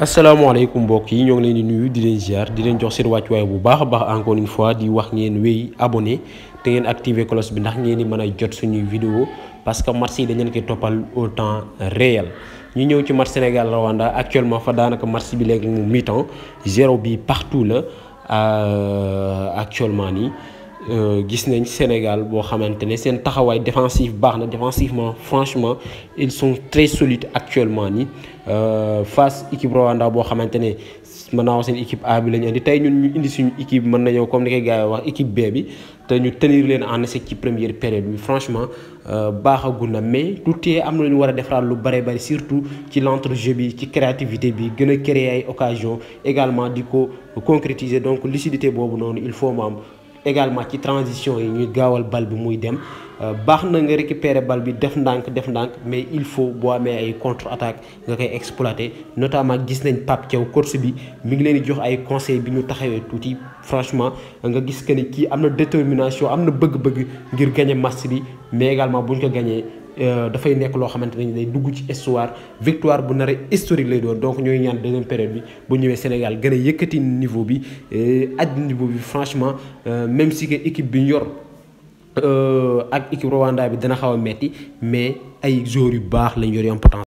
assalaamualeykum mbokk yi ñoo ngi leen di nuyu di leen ziar di leen jox seen wàccuwaay bu baax baax encore une fois di wax ngeen wéy abonné te ngeen activé cloche bi ndax ngeen di mën a jot suñuy vidéo parce que marché yi dañ leen koy toppal au temps réel ñu ñëw ci marché sénégal rwanda actuellement fa daanaka marché bi léegi mu mi temps zéro bi partout la euh, actuellement nii Euh, gis nañ Sénégal boo xamante ne seen taxawaay défensif baax na défensivement franchement ils sont très solides actuellement ni euh, face équipe Rwanda boo xamante ne mën naa wax seen équipe A bi la indi tey ñun ñu indi suñu équipe mën nañoo comme ni koy gars wax équipe B bi te ñu tenir leen en échec ci première période bi franchement euh, baaxagul na mais tout am na lu ñu war a lu bare bari surtout ci l'entrejeu bi ci créativité bi gën a créer ay occasion également di ko concrétiser donc lucidité boobu noonu il faut mu am également ci transition yi ñuy gaawal bi muy euh, récupérer bal bi mais il faut contre attaque nga koy exploiter notamment gis nañ Pape qui course bi mi ngi franchement nga gis que ni kii am détermination am na bëgg-bëgg ngir gagner match bi mais également buñ gagner euh, dafay nekk loo xamante ne day dugg ci histoire victoire bu nara historique lay doon donc ñooy ñaan deuxième période bi bu ñëwee Sénégal gën a yëkkati niveau bi euh, aj niveau bi franchement euh, même si que équipe bi ñu yor ak équipe Rwanda bi dana xaw a metti mais ay joueurs yu baax lañ yor yom potentiel